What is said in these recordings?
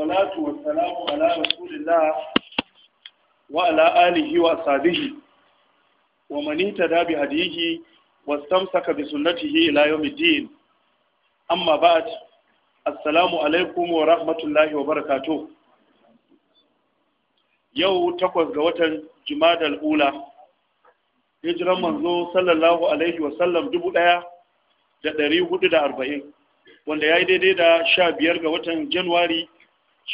salatu wa salamu ala rasulillah wa ala alihi wa sahbihi wa man ittaba bi hadihi wastamsaka bi sunnatihi ila yawmiddin amma ba'd assalamu alaikum wa rahmatullahi wa barakatuh yau takwas ga watan jumadal ula hijiran manzo sallallahu alaihi wa sallam dubu ɗaya da ɗari hudu da arba'in wanda ya yi daidai da sha biyar ga watan januwari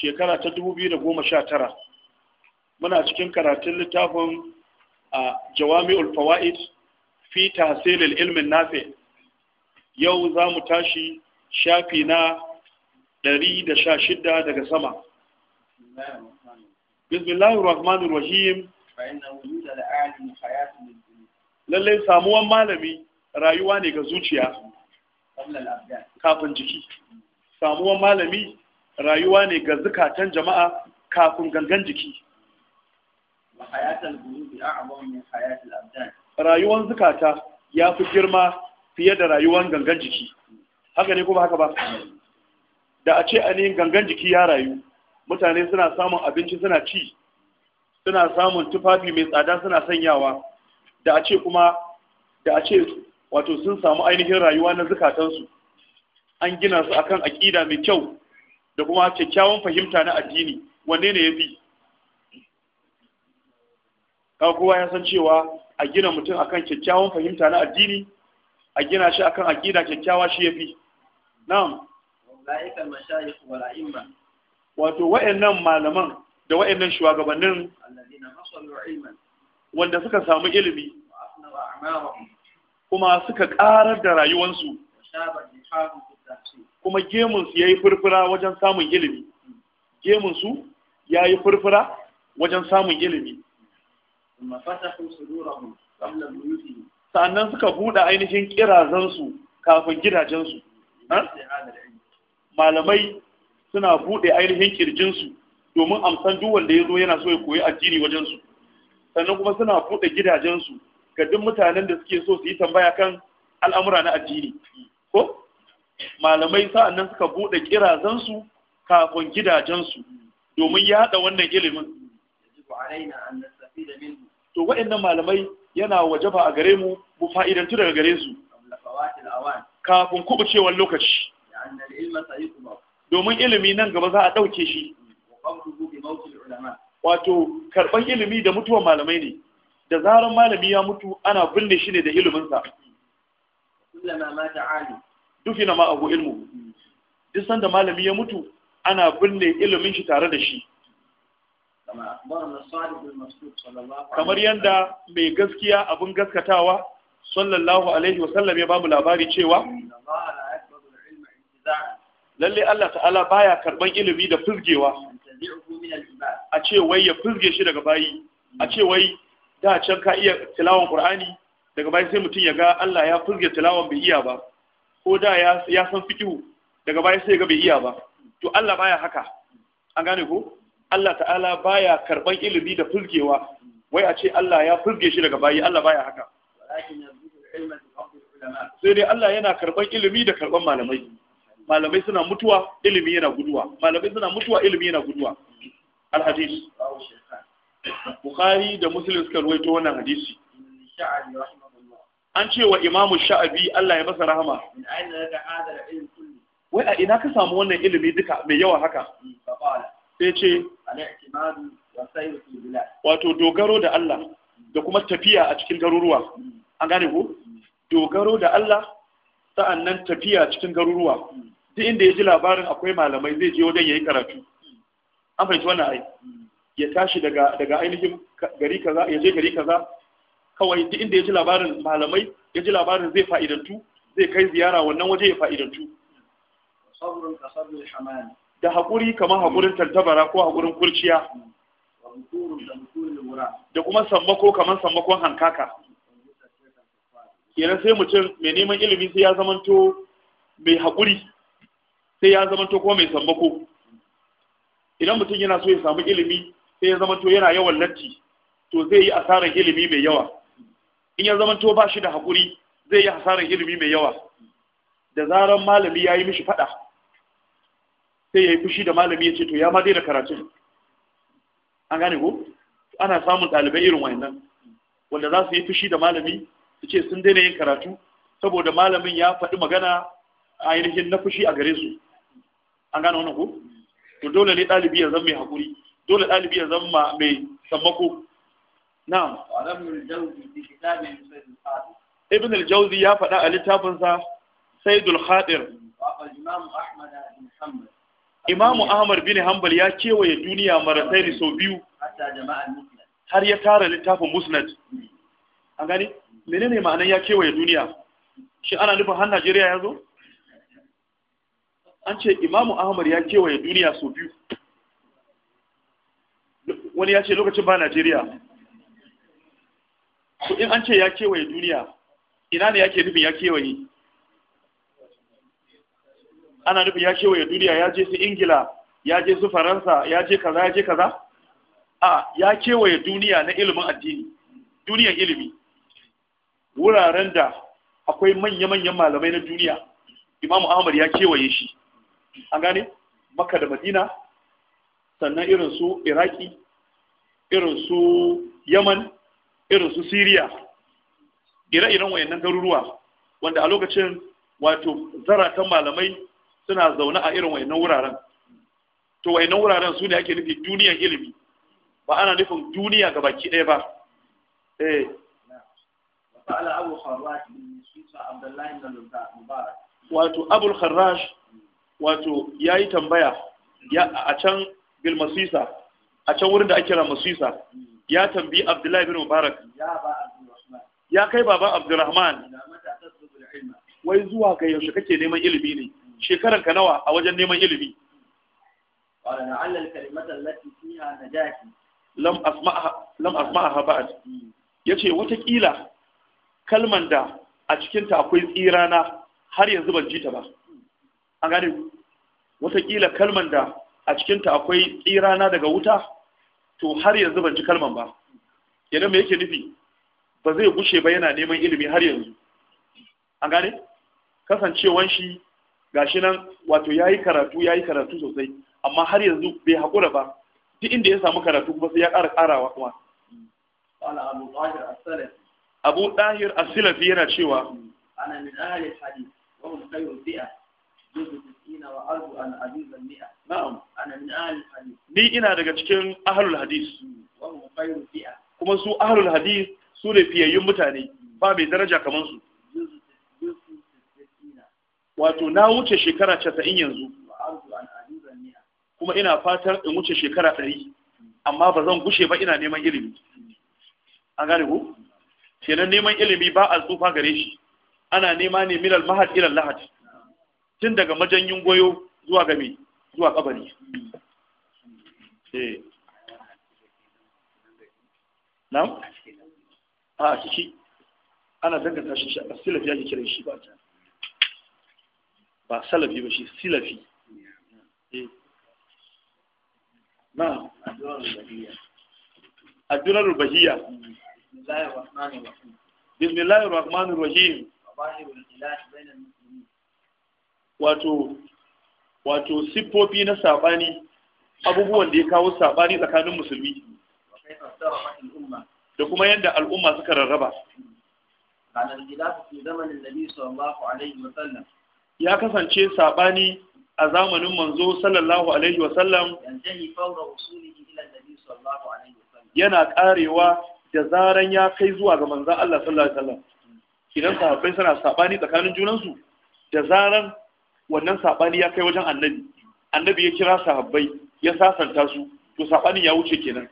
shekara ta da goma sha tara, muna cikin karatun littafin a jawami'ul fawaid fi tahsilil ilmin nafi yau za mu tashi shafi na 116 daga sama bismillahir rahmanir rahim lallai samuwan malami rayuwa ne ga zuciya kafin jiki samuwan malami rayuwa ne ga zukatan jama'a kafin gangan jiki rayuwan zukata ya fi girma fiye da rayuwan gangan jiki haka ne kuma haka ba da a ce ainihin gangan jiki ya rayu mutane suna samun abinci suna ci suna samun tufafi mai tsada suna sanyawa da a ce kuma da a ce wato sun samu ainihin rayuwa na zukatansu an gina su akan aƙida mai kyau da kuma kyakkyawan fahimta na addini wanne ne ya fi ka kowa ya san cewa a gina mutum akan kyakkyawan fahimta na addini a gina shi akan aqida kyakkyawa shi ya fi na'am wato wa'annan malaman da wa'annan shugabannin wanda suka samu ilimi kuma suka karar da rayuwansu kuma gemunsu ya yi furfura wajen samun ilimi gemunsu ya yayi furfura wajen samun ilimi sannan suka buɗe ainihin kirazansu kafin gidajensu malamai suna buɗe ainihin ƙirjinsu, domin amsan duk wanda ya zo yana so ya koyi addini wajensu sannan kuma suna buɗe gidajensu ga duk mutanen da suke so su yi tambaya kan al'amura na addini ko malamai nan suka buɗe kirazansu kafin gidajensu domin haɗa wannan ilimin to waɗannan malamai yana wajaba a gare mu mu fa'idantu daga gare su kafin kubucewar lokaci domin ilimi nan gaba za a ɗauke shi wato karɓar ilimi da mutuwar malamai ne da zarar malami ya mutu ana binne shi ne da iliminsa duk yana ma abu ilmu duk sanda malami ya mutu ana binne ilimin shi tare da shi kamar yadda mai gaskiya abin gaskatawa sallallahu alaihi wa sallam ya ba labari cewa lalle Allah ta'ala baya karban ilimi da fizgewa a ce wai ya fizge shi daga bayi a ce wai da can ka iya tilawan qur'ani daga bayi sai mutum ya ga Allah ya fizge tilawan bai iya ba ko da ya san fikihu daga baya sai ga bai iya ba to Allah baya haka an gane ko Allah ta'ala baya karban ilimi da fulgewa wai a ce Allah ya fulge shi daga bayi Allah baya haka sai dai Allah yana karban ilimi da karban malamai malamai suna mutuwa ilimi yana guduwa malamai suna mutuwa ilimi yana guduwa al-hadis Bukhari da Muslim suka ruwaito wannan hadisi an ce wa imamu sha'abi Allah ya masa rahama wai a ina ka samu wannan ilimi duka mai yawa haka hmm, sai ce wato dogaro da Allah hmm. da kuma tafiya a cikin garuruwa hmm. an gane ko dogaro da Allah sa'annan tafiya a cikin garuruwa duk inda ya ji labarin akwai malamai zai je wajen yayi karatu an fahimci wannan ai ya tashi daga daga ainihin gari kaza ya je gari kaza kawai duk inda ya ji labarin malamai ya ji labarin zai fa'idantu zai kai ziyara wannan waje ya fa'idantu da haƙuri kamar haƙurin tantabara ko haƙurin kurciya da kuma sammako kamar sammakon hankaka kenan sai mutum mai neman ilimi sai ya zamanto mai haƙuri sai ya zamanto kuma mai sammako idan mutum yana so ya samu ilimi sai ya zamanto yana yawan latti to zai yi asarar ilimi mai yawa in ya zama to ba shi da haƙuri zai yi hasarar ilimi mai yawa da zaran malami ya yi mishi faɗa sai ya yi fushi da malami ya ce to ya ma daina karatun an gane ko ana samun ɗalibai irin wayannan wanda za su yi fushi da malami su ce sun daina yin karatu saboda malamin ya faɗi magana a ainihin na fushi a gare su an gane wannan ko to dole ne ɗalibi ya zama mai haƙuri dole ɗalibi ya zama mai sammako na'am ibn ya faɗa a littafinsa saidul khadir imamu ahmad bin hanbal ya kewaye duniya marasai sau biyu har ya tara littafin musnad an gani menene ya kewaye duniya shi ana nufin har najeriya ya zo an ce imamu ahmad ya kewaye duniya sau biyu wani ya ce lokacin ba najeriya in an ce ya kewaye duniya ina ne yake nufin ya kewaye ana nufin ya kewaye duniya ya je su ingila ya je su faransa ya je kaza ya je kaza a ya kewaye duniya na ilimin addini duniyar ilimi wuraren da akwai manya-manyan malamai na duniya imamu ahmad ya kewaye shi an gane makka da madina sannan irin su iraki irin su yaman irin su Siriya ire-iren wayannan garuruwa wanda a lokacin wato zaratan malamai suna zaune a irin wayannan wuraren to wayannan wuraren su ne ake nufi duniyar ilimi ba ana nufin duniya ga baki ɗaya ba eh wato abul kharraj wato ya yi tambaya a can bilmasisa a can wurin da ake kira masisa ya tambi Abdullahi bin Mubarak ya kai baban Abdulrahman. wai zuwa ga yaushe kake neman ilimi ne shekaran ka nawa a wajen neman ilimi lam ha ba'd Ya ce watakila kalman da a cikinta akwai tsira na har yanzu ban ji ta ba an gane watakila kalman da a cikinta akwai tsira na daga wuta to har yanzu ban ji kalman ba kenan me yake nufi ba zai gushe ba yana neman ilimi har yanzu an gane kasancewan shi gashi nan wato ya yi karatu ya yi karatu sosai amma har yanzu bai haƙura ba duk inda ya samu karatu kuma sai ya ƙara ƙarawa kuma abu ɗahir asilafi yana cewa ana min ahalin hadis wa ni ina daga cikin ahalul hadis kuma su ahalul hadis su ne fiyayyun mutane ba mai daraja kamar su wato na wuce shekara casa'in yanzu kuma ina fatar in wuce shekara ɗari amma ba zan gushe ba ina neman ilimi A gane ku kenan neman ilimi ba a tsufa gare shi ana nema ne milal mahad ilal Lahadi. tun daga majanyin goyo zuwa gami zuwa kabari Ana zanga a ciki ana danganta shi a silafi ake kiran shi ba ba salafi ba shi silafi na adunar البهية بسم الله wato wato siffofi na saɓani abubuwan da ya kawo saɓani tsakanin musulmi da kuma yadda al'umma suka rarraba ya kasance saɓani a zamanin manzo sallallahu alaihi wasallam yana karewa da zaran ya kai zuwa ga manzan Allah sallallahu alaihi wasallam idan sahabbai suna saɓani tsakanin junansu da zaran wannan saɓani ya kai wajen annabi annabi ya kira sahabbai ya sasanta su to saɓani ya wuce kenan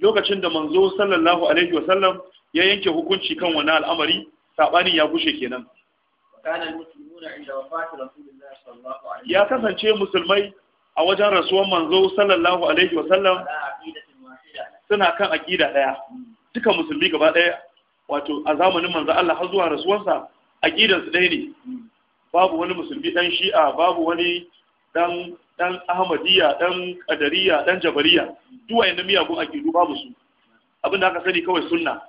lokacin da manzo sallallahu alaihi wa sallam ya yanke hukunci kan wani al'amari saɓani ya gushe kenan ya kasance musulmai a wajen rasuwan manzo sallallahu alaihi wa sallam suna kan aƙida ɗaya, duka musulmi gaba ɗaya, wato a zamanin manzo Allah har zuwa rasuwansa aqidansu ɗaya ne babu wani musulmi dan shi'a babu wani dan dan ahmadiyya dan qadariyya dan jabariya duk miya miyagun aqidu babu su abinda aka sani kawai sunna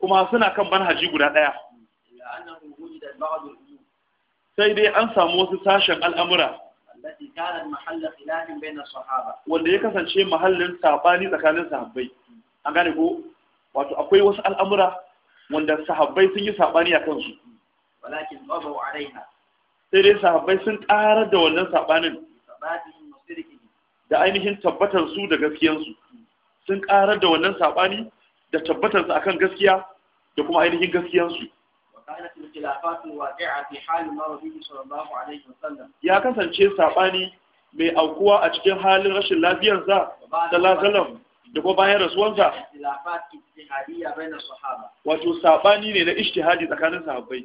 kuma suna kan manhaji guda ɗaya sai dai an samu wasu sashen al'amura wanda ya kasance mahallin saɓani tsakanin sahabbai an gane ko wato akwai wasu al'amura wanda sahabbai sun yi sabani a kansu walakin alaiha sai dai sahabbai sun ƙarar da wannan sabanin da ainihin tabbatar su da gaskiyansu sun ƙarar da wannan sabani da tabbatar su akan gaskiya da kuma ainihin gaskiyansu ya kasance sabani mai aukuwa a cikin halin rashin lafiyarsa da lasalam da kuma bayan rasuwansa wato sabani ne na ishtihadi tsakanin sahabbai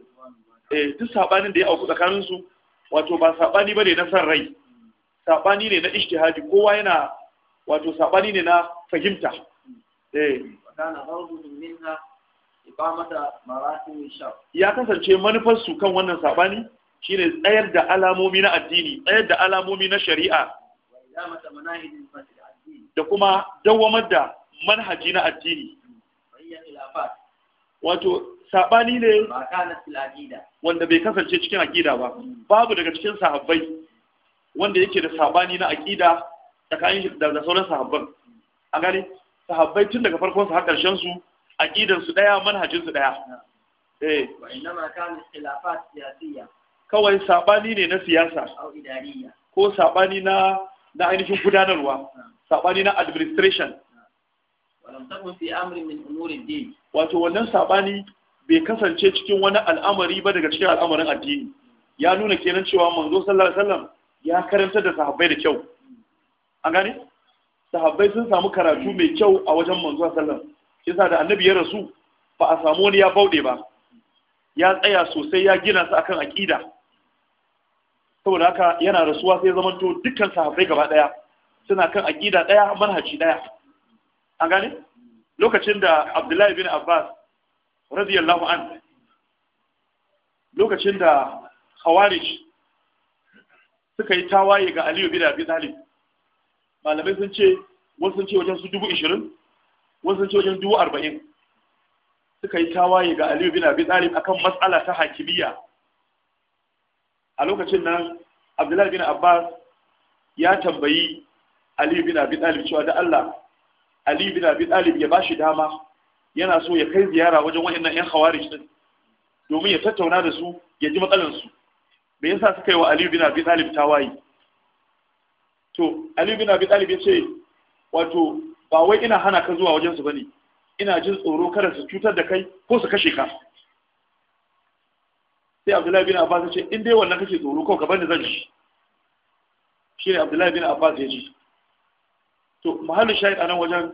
eh duk sabanin da ya auku tsakanin su wato ba sabani bane na san rai sabani ne na ishtihadi kowa yana wato sabani ne na fahimta eh ya kasance manufar su kan wannan sabani shine tsayar da alamomi na addini tsayar da alamomi na shari'a da kuma dawwamar da manhaji na addini wato sabani ne wanda bai kasance cikin aqida ba babu daga cikin sahabbai wanda yake da sabani na aqida tsakanin da sauran sahabban a gani sahabbai tun daga farkon su har karshen su aqidan su daya manhajin su daya eh wa kana siyasiyya kawai sabani ne na siyasa ko sabani na na ainihin gudanarwa saɓani na administration wato wannan saɓani bai kasance cikin wani al'amari ba daga cikin al'amarin addini ya nuna kenan cewa manzo sallallahu alaihi wasallam ya karanta da sahabbai da kyau an gane sahabbai sun samu karatu mai kyau a wajen manzo sallallahu alaihi wasallam yasa da annabi ya rasu ba a samu wani ya bauɗe ba ya tsaya sosai ya gina su akan aƙida saboda haka yana rasuwa sai zaman to dukkan sahabbai gaba daya suna kan aqida daya manhaji daya an gane lokacin da Abdullahi bin Abbas radiyallahu an lokacin da Khawarij suka yi tawaye ga Aliyu bin Abi Talib malamai sun ce wasu sun ce wajen su dubu ishirin wasu sun ce wajen dubu arba'in suka yi tawaye ga Aliyu bin Abi Talib akan matsala ta hakimiyya a lokacin nan abdullahi bin abbas ya tambayi ali bin abi dalib cewa da Allah ali bin abi dalib ya bashi dama yana so ya kai ziyara wajen wa'annan yan khawarij din domin ya tattauna da su ya ji matsalar su me yasa suka yi wa ali bin abi dalib tawayi to ali bin abi dalib ya ce wato ba wai ina hana ka zuwa wajen su bane ina jin tsoro kada su cutar da kai ko su kashe ka sai abdullahi bin abbas ya ce in dai wannan kake tsoro kawai ka da zan shi shi ne abdullahi bin abbas ya ce to mahallin shahid a nan wajen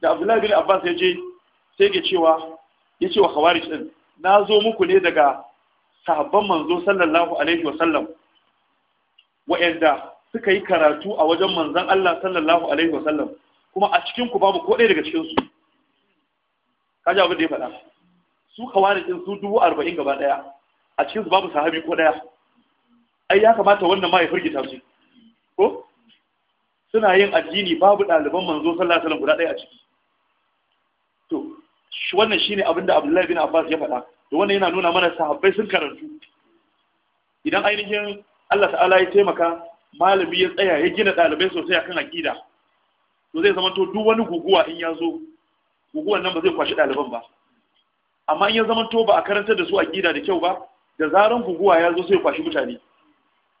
da abdullahi bin abbas ya je sai ke cewa ya ce wa khawarij din na zo muku ne daga sahabban manzo sallallahu alaihi wasallam wa'anda suka yi karatu a wajen manzon Allah sallallahu alaihi wasallam kuma a cikin ku babu ko ɗaya daga cikin su kaji abin da ya faɗa su khawarij din su dubu arba'in gaba ɗaya a cikin babu sahabi ko daya ai ya kamata wannan ma ya firgita su ko suna yin addini babu ɗaliban manzo sallallahu alaihi wasallam guda ɗaya a ciki to wannan shine abinda Abdullahi bin Abbas ya faɗa to wannan yana nuna mana sahabbai sun karantu idan ainihin Allah ta'ala ya taimaka malami ya tsaya ya gina ɗalibai sosai akan aqida to zai zama to duk wani guguwa in ya zo guguwan nan ba zai kwashi ɗaliban ba amma in ya zama to ba a karantar da su aqida da kyau ba da zaran guguwa ya zo sai kwashi mutane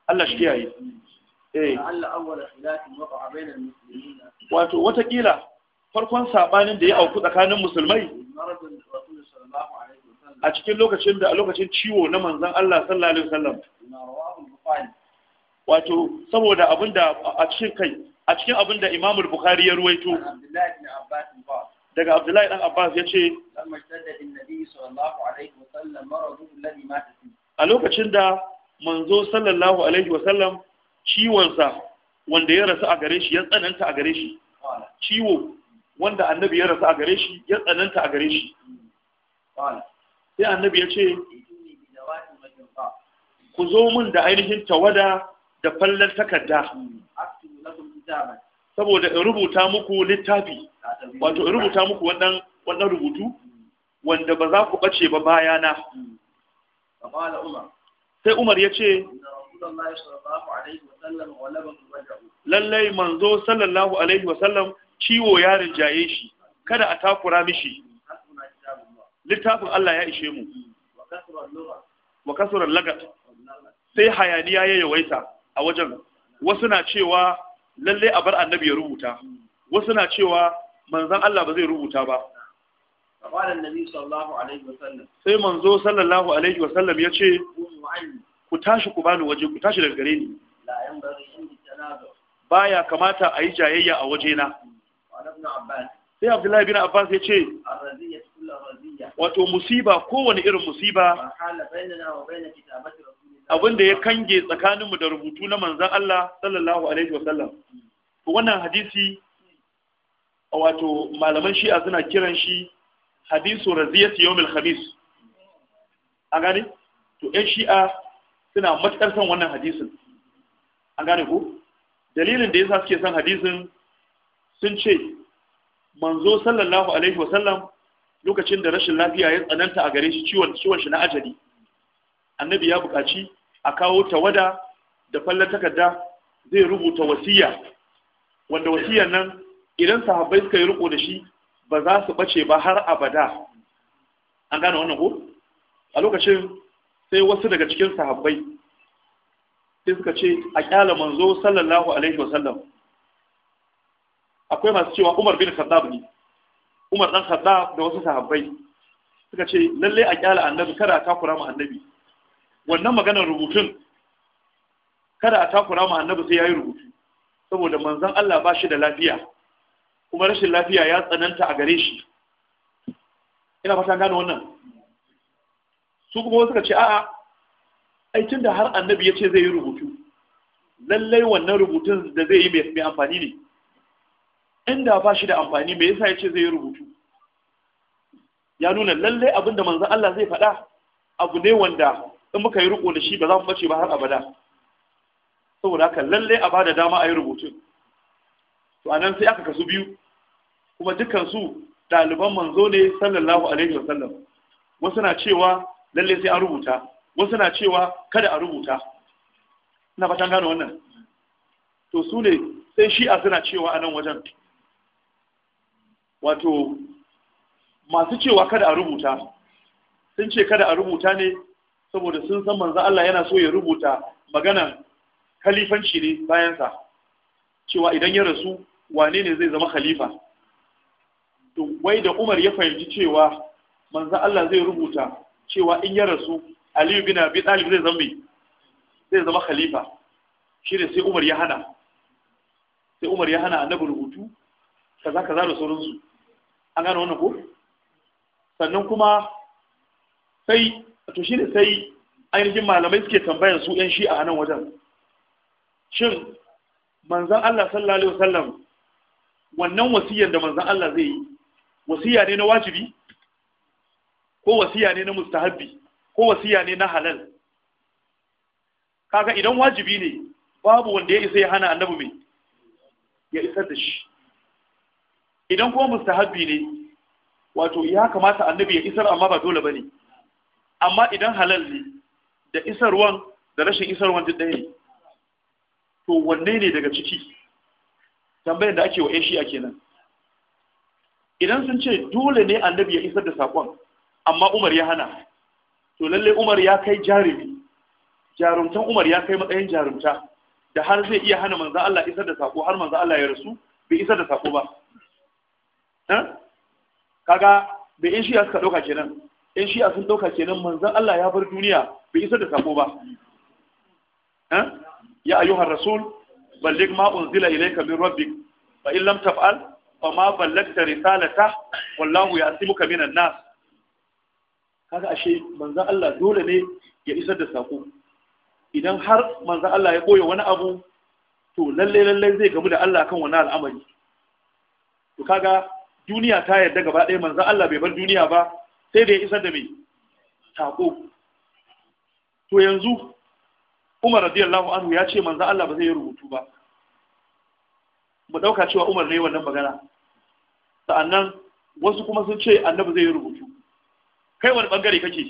Allah shi kiyaye eh wato watakila farkon sabanin da ya auku tsakanin musulmai a cikin lokacin da a lokacin ciwo na manzon Allah sallallahu alaihi wasallam wato saboda abinda a cikin kai a cikin abinda Imam Bukhari ya ruwaito daga Abdullahi dan Abbas yace lamma annabi sallallahu alaihi wasallam maradu alladhi mata a lokacin da manzo sallallahu alaihi wasallam ciwonsa wanda ya rasu a gare shi ya tsananta a gare shi ciwo wanda annabi ya rasu a gare shi ya tsananta a gare shi sai annabi ya ce ku zo min da ainihin tawada da fallar takarda saboda in rubuta muku littafi wato in rubuta muku wannan rubutu wanda ba za ku ɓace ba bayana sai umar ya ce lallai manzo sallallahu alaihi wasallam ciwo yarin rinjaye shi kada a takura mishi littafin Allah ya ishe mu wa kasuran lagat sai hayaniya ya yawaita a wajen wasu na cewa lallai a bar annabi ya rubuta wasu na cewa manzan Allah ba zai rubuta ba فقال النبي صلى الله عليه وسلم sai manzo sallallahu alaihi wa sallam ce ku tashi ku bani waje ku tashi daga gare ni Ba ya baya kamata a yi jayayya a waje na sai abdullahi bin abbas ya ce wato musiba kowane irin musiba abinda ya kange tsakaninmu da rubutu na manzan Allah sallallahu alaihi wasallam wannan hadisi wato malaman shi'a suna kiran shi hadisu raziyati yawmil khamis an gane to ƴan shi'a suna matukar son wannan hadisin an gane ko, dalilin da yasa suke son hadisin sun ce manzo sallallahu alaihi wa sallam lokacin da rashin lafiya ya tsananta a gare shi ciwon ciwon shi na ajali annabi ya buƙaci a kawo tawada da fallan takarda zai rubuta wasiya wanda wasiyan nan idan sahabbai suka yi riko da shi ba za su ɓace ba har abada an gane wannan ko a lokacin sai wasu daga cikin sahabbai sai suka ce a kyala manzo sallallahu alaihi wasallam akwai masu cewa Umar bin Khattab ne Umar dan Khattab da wasu sahabbai suka ce lalle a kyala annabi kada a takura mu annabi wannan maganar rubutun kada a takura mu annabi sai yayi rubutu saboda manzon Allah ba shi da lafiya kuma rashin lafiya ya tsananta a gare shi ina fata gano wannan su kuma wasu ka ce a'a ai tunda har annabi ya ce zai yi rubutu lallai wannan rubutun da zai yi mai amfani ne inda ba shi da amfani me yasa ya ce zai yi rubutu ya nuna lallai abinda manzan Allah zai faɗa abu ne wanda in muka yi riko da shi ba za mu bace ba har abada saboda haka lallai a bada dama a yi rubutun to anan sai aka kasu biyu kuma dukansu ɗaliban manzo ne sallallahu alaihi wasallam wasu na cewa lalle sai an rubuta wasu na cewa kada a rubuta ina fatan gano wannan to su ne sai shi'a suna cewa a nan wajen wato masu cewa kada a rubuta sun ce kada a rubuta ne saboda sun san manzo Allah yana so ya rubuta magana khalifanci ne bayansa cewa idan ya rasu wane ne zai zama khalifa to wai da Umar ya fahimci cewa manzo Allah zai rubuta cewa in ya rasu Ali bin Abi Talib zai zama zai zama khalifa ne sai Umar ya hana sai Umar ya hana annabi rubutu kaza kaza da sauransu an gane wannan ko sannan kuma sai to shine sai ainihin malamai suke tambayar su yan shi'a a nan wajen shin manzon Allah sallallahu alaihi wasallam wannan wasiyar da manzon Allah zai yi wasiya ne na wajibi ko wasiya ne na mustahabbi ko wasiya ne na halal kaga idan wajibi ne babu wanda ya isa ya hana annabi mai ya isar da shi idan kuma mustahabbi ne wato ya kamata annabi ya isar amma ba dole bane amma idan halal ne da isarwan da rashin isarwan duk ɗaya to wanne ne daga ciki tambayar da ake wa shi a kenan idan sun ce dole ne annabi ya isar da saƙon amma umar ya hana to lalle umar ya kai jarumi jarumtan umar ya kai matsayin jarumta da har zai iya hana manzan Allah isar da saƙo har manzan Allah ya rasu bai isar da saƙo ba kaga da in shiya suka ɗauka kenan in shiya sun ɗauka kenan manzan Allah ya bar duniya bai isar da saƙo ba ya ayyuhar rasul balligh ma unzila ilayka min rabbik fa in lam taf'al fa ma ballagta risalata wallahu ya'simuka minan nas kaga ashe manzon Allah dole ne ya isar da sako idan har manzon Allah ya koya wani abu to lalle lalle zai gamu da Allah kan wani al'amari to kaga duniya ta yarda gaba ɗaya manzon Allah bai bar duniya ba sai da ya isar da mai sako to yanzu Umar radiyallahu anhu ya ce manzon Allah ba zai yi rubutu ba mu dauka cewa Umar ne wannan magana sa'annan wasu kuma sun ce annabi zai yi rubutu kai wani bangare kake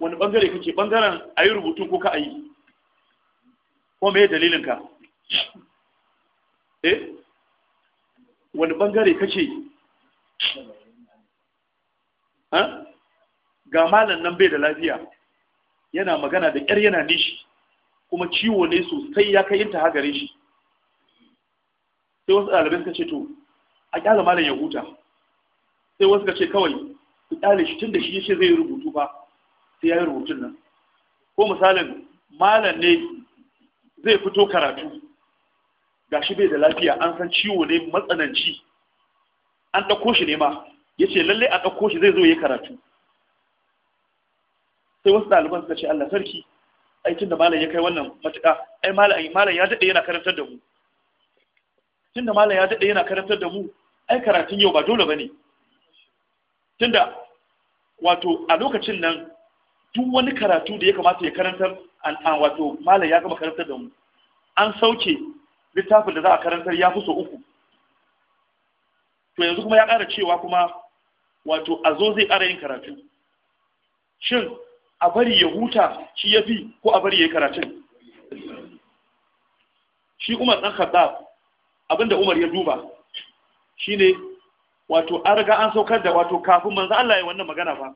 wani bangare kake bangaren a yi rubutu ko ka a yi ko mai dalilinka eh wani bangare kake ga malan nan bai da lafiya yana magana da ƙyar yana nishi kuma ciwo ne sosai ya kai ta hagarin shi sai wasu ɗalibai suka ce to a ƙyala malam ya huta sai wasu ka ce kawai ku ƙyale shi tun da shi ya ce zai yi rubutu ba sai ya yi rubutun nan ko misalin malam ne zai fito karatu Ga shi bai da lafiya an san ciwo ne matsananci an ɗauko shi ne ma ya ce lallai a ɗauko shi zai zo ya karatu sai wasu ɗaliban suka ce Allah sarki ai da malam ya kai wannan matuƙa ai malam ya daɗe yana karantar da mu tunda malam ya daɗe yana karantar da mu ai karatun yau ba dole ba ne tunda wato a lokacin nan duk wani karatu da ya kamata ya karantar an wato malam ya gama karantar da mu an sauke littafin da za a karantar ya fi so uku to yanzu kuma ya ƙara cewa kuma wato a zo zai ƙara yin karatu shin a bari ya huta shi ya fi ko a bari ya yi karatun shi umar ɗan khattab abinda Umar ya duba shine wato an riga an saukar da wato kafin manzo Allah ya wannan magana ba,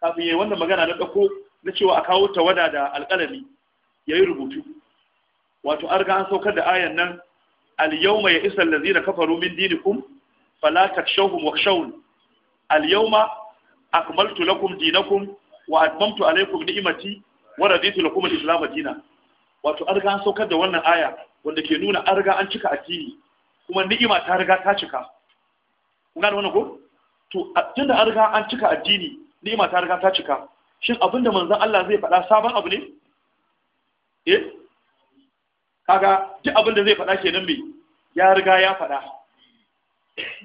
kafin ya yi wannan magana na ɗauko na cewa a kawo tawada da alƙalami ya yi rubutu wato an riga an saukar da ayan nan al-yawma ya isa allazina kafaru min dinikum fala takshawhum wakhshawni al-yawma akmaltu lakum dinakum wa atmamtu alaykum ni'mati wa raditu lakum al-islam dinan wato an riga an saukar da wannan aya wanda ke nuna an riga an cika addini kuma ni'ima ta riga ta cika kun gane wannan ko to tunda an riga an cika addini ni'ima ta riga ta cika shin abinda manzon Allah zai faɗa sabon abu ne eh kaga duk abinda zai faɗa kenan me ya riga ya faɗa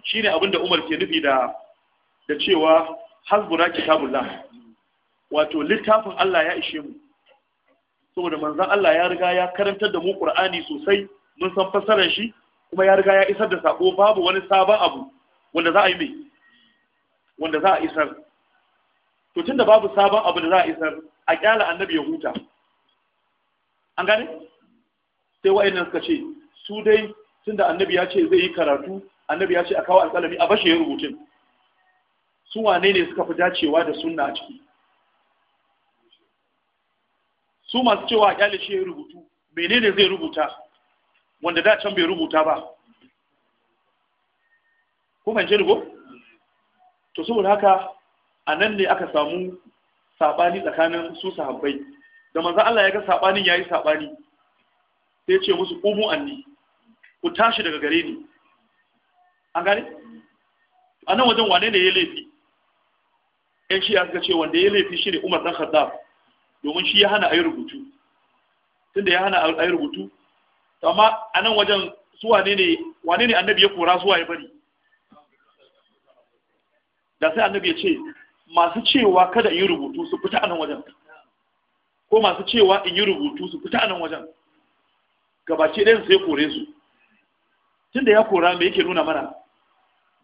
shine abinda Umar ke nufi da da cewa hasbuna kitabullah wato littafin Allah ya ishe mu saboda manzan Allah ya riga ya karantar da mu Qur'ani sosai mun san fassarar shi kuma ya riga ya isar da sako babu wani sabon abu wanda za a yi mai wanda za a isar to tunda babu sabon abu da za a isar a kyala annabi ya huta an gane sai wa'annan suka ce su dai tunda annabi ya ce zai yi karatu annabi ya ce a kawo alƙalami a bashe rubutun su wane ne suka fi dacewa da sunna a ciki su masu cewa a shi ya rubutu menene zai rubuta wanda da can bai rubuta ba ko ce ni ko to saboda haka a nan ne aka samu saɓani tsakanin su sahabbai da manzo Allah ya ga saɓanin yayi saɓani sai ce musu umu anni ku tashi daga gare ni an gane a nan wajen wane ne ya laifi Ƴan shi ya ga ce wanda ya laifi shi ne Umar dan Khattab domin shi ya hana a yi rubutu tunda ya hana a yi rubutu amma a nan wajen su wane ne wane ne annabi ya kora su ya bari da sai annabi ya ce masu cewa kada in yi rubutu su fita a nan wajen ko masu cewa in yi rubutu su fita a nan wajen gabace ɗayan sai kore su tunda ya kora me yake nuna mana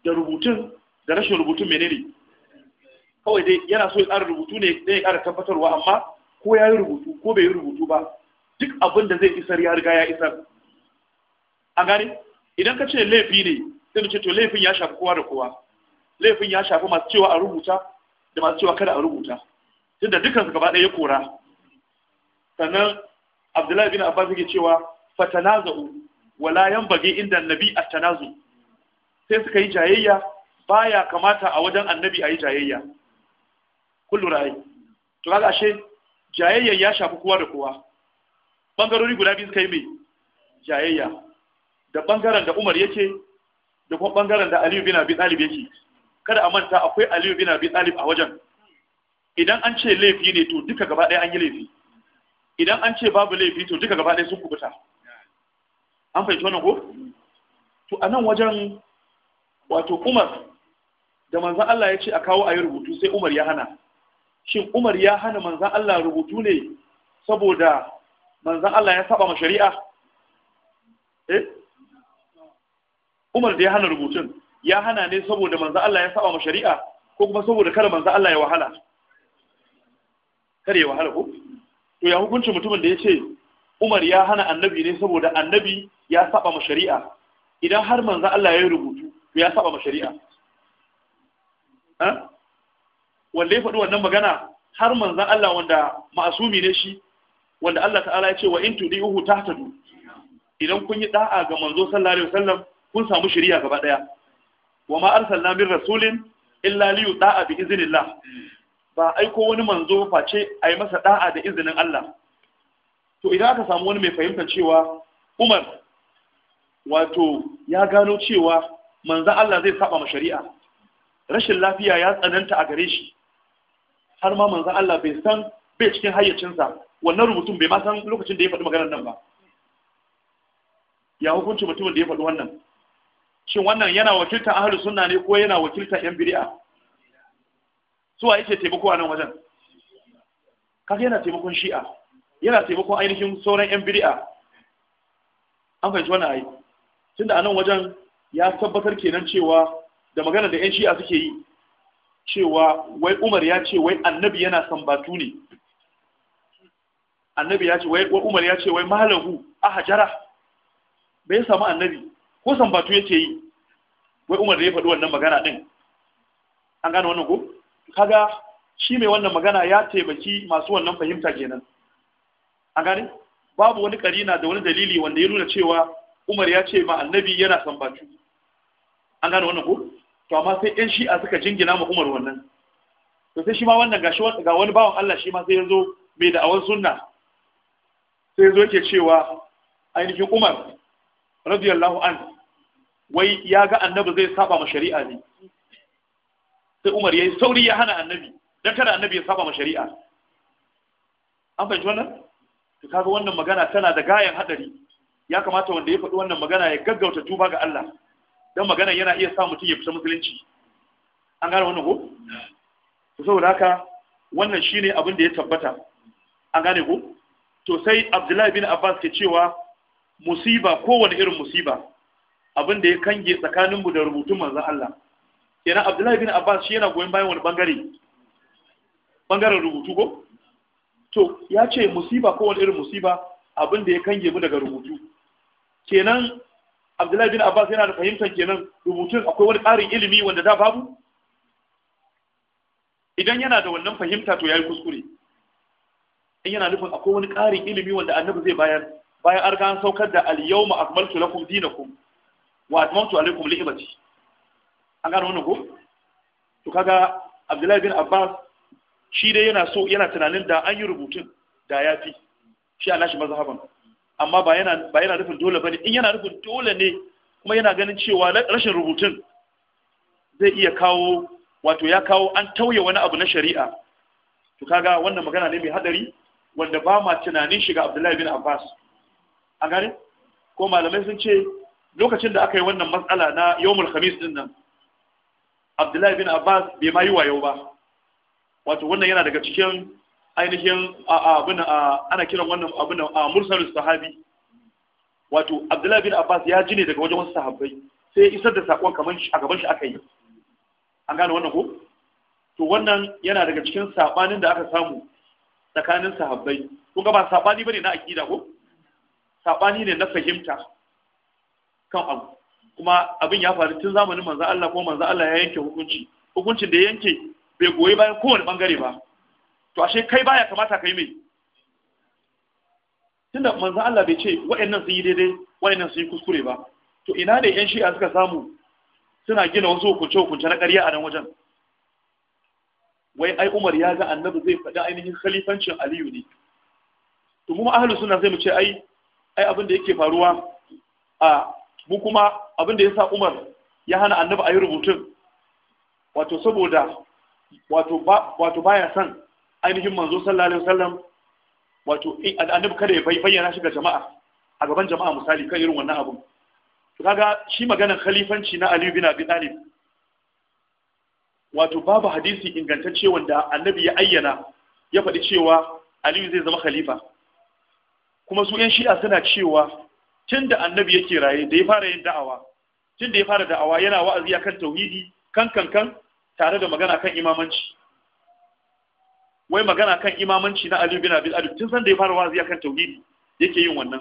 da rubutun da rashin rubutun menene kawai dai yana so ya ƙara rubutu ne ya ƙara tabbatarwa amma ko ya yi rubutu ko bai yi rubutu ba duk abin da zai isar ya riga ya isar a gani idan ka ce laifi ne sai ce to laifin ya shafi kowa da kowa laifin ya shafi masu cewa a rubuta da masu cewa kada a rubuta tunda dukkan su gaba ɗaya ya kora sannan abdullahi bin abbas yake cewa fatanaza'u wala yanbaghi inda annabi a tanazu sai suka yi jayayya baya kamata a wajen annabi a yi jayayya kullu ra'ayi to kaga ashe jayayyan ya shafi kowa da kowa bangarori guda biyu suka yi mai jayayya da bangaren da Umar yake da kuma bangaren da Aliyu bin Abi Talib yake kada a manta akwai Aliyu bin Abi ɗalib a wajen idan an ce laifi ne to duka gaba ɗaya an yi laifi idan an ce babu laifi to duka gaba ɗaya sun kubuta an fahimci wannan ko to a nan wajen wato Umar da manzon Allah ya ce a kawo a yi rubutu sai Umar ya hana shin Umar ya hana manzan Allah rubutu ne saboda manzan Allah ya saba ma shari'a eh Umar da ya hana rubutun ya hana ne saboda manzan Allah ya saba ma shari'a ko kuma saboda kada manzan Allah ya wahala kare wahala ko to ya hukunci mutumin da ya ce Umar ya hana annabi ne saboda annabi ya saba ma shari'a idan har manzan Allah ya yi rubutu to ya saba ma shari'a eh? wanda ya faɗi wannan magana har manzan Allah wanda ma'asumi ne shi wanda Allah ta'ala ya ce wa in ta tahtadu idan kun yi ɗa'a ga manzo sallallahu alaihi wasallam kun samu shari'a gaba daya wa ma arsalna min rasulin illa li yuta'a bi iznillah ba aiko wani manzo face ai masa ɗa'a da izinin Allah to idan aka samu wani mai fahimtar cewa Umar wato ya gano cewa manzan Allah zai saba ma shari'a rashin lafiya ya tsananta a gare shi har ma manzan Allah bai san bai cikin hayyacinsa wannan rubutun bai ma san lokacin da ya faɗi maganar nan ba ya hukunci mutumin da ya faɗi wannan shin wannan yana wakiltar ahli sunna ne ko yana wakiltar yan bid'a suwa yake taimako a nan wajen kaga yana taimakon shi'a yana taimakon ainihin sauran yan bid'a an fahimci wannan ayi tunda a nan wajen ya tabbatar kenan cewa da magana da yan shi'a suke yi cewa wai Umar ya ce wai annabi yana sambatu ne annabi ya ce wai Umar ya ce wai malahu hajara. bai samu annabi ko sambatu ce yi wai Umar da ya faɗi wannan magana din an gane wannan ko kaga shi mai wannan magana ya taimaki masu wannan fahimta kenan an gane babu wani karina da wani dalili wanda ya nuna cewa Umar ya ce ma annabi yana sambatu an gane wannan ko to amma sai yan shi'a suka jingina ma umar wannan to sai shi ma wannan gashi ga wani bawan Allah shi ma sai ya zo mai awan sunna sai ya zo yake cewa ainihin umar radiyallahu an wai ya ga annabi zai saba ma shari'a ne sai umar ya yi sauri ya hana annabi don kada annabi ya saba ma shari'a an fahimci wannan to kaga wannan magana tana da gayan hadari ya kamata wanda ya faɗi wannan magana ya gaggauta tuba ga Allah don magana yana iya sa mutum ya fita musulunci an gane wannan ko to saboda haka wannan shine abin da ya tabbata an gane ko to sai Abdullahi bin Abbas ke cewa musiba kowane irin musiba abin da ya kange tsakanin mu da rubutun manzon Allah kenan Abdullahi bin Abbas shi yana goyon bayan wani bangare bangaren rubutu ko to ya ce musiba kowane irin musiba abin da ya kange mu daga rubutu kenan abdullahi bin abbas yana da fahimtar kenan rubutun akwai wani ƙarin ilimi wanda da babu idan yana da wannan fahimta to yayi kuskure in yana nufin akwai wani ƙarin ilimi wanda annabi zai bayar bayan an an saukar da al-yawma akmaltu lakum dinakum wa atmamtu alaykum ni'mati an gano wannan ko to kaga abdullahi bin abbas shi dai yana so yana tunanin da an yi rubutun da yafi shi Allah shi mazhaban amma ba yana ba yana nufin dole bane in yana nufin dole ne kuma yana ganin cewa rashin rubutun zai iya kawo wato ya kawo an tauye wani abu na shari'a to kaga wannan magana ne mai hadari wanda ba ma tunanin shiga Abdullahi bin Abbas a gare ko malamai sun ce lokacin da aka yi wannan matsala na yawmul khamis din nan Abdullahi bin Abbas bai ma yi wayo ba wato wannan yana daga cikin ainihin abin ana kiran wannan abin a mursalin sahabi wato abdullahi bin abbas ya ji ne daga wajen wasu sahabbai sai ya isar da sakon kamar a gaban shi aka yi an gane wannan ko to wannan yana daga cikin sabanin da aka samu tsakanin sahabbai kun ga ba sabani bane na akida ko sabani ne na fahimta kan abu kuma abin ya faru tun zamanin manzo Allah ko manzo Allah ya yanke hukunci hukuncin da ya yanke bai goyi bayan kowane bangare ba to ashe kai baya kamata ka yi mai tunda manzan Allah bai ce waɗannan sun yi daidai waɗannan sun yi kuskure ba to ina ne yan shi'a suka samu suna gina wasu hukunce-hukunce na ƙarya a nan wajen wai ai Umar ya ga annabi zai faɗi ainihin khalifancin Aliyu ne to mu ahlus sunna zai mu ce ai ai abin da yake faruwa a mu kuma abin da yasa Umar ya hana annabi a yi rubutun wato saboda wato ba wato baya san ainihin manzo sallallahu alaihi wasallam wato eh, annabi kada ya bayyana shi ga jama'a a gaban jama'a misali kan irin wannan abun to kaga shi maganar khalifanci na Ali bin Abi Talib wato babu hadisi ingantacce wanda annabi ya ayyana ya faɗi cewa Ali zai zama khalifa kuma su yan shi'a suna cewa tunda annabi yake raye da ya fara yin da'awa tunda ya fara da'awa yana wa'azi kan tauhidi kan kankan tare da magana kan imamanci wai magana kan imamanci na Ali bin Abi Talib tun san da ya fara wazi akan tauhidi yake yin wannan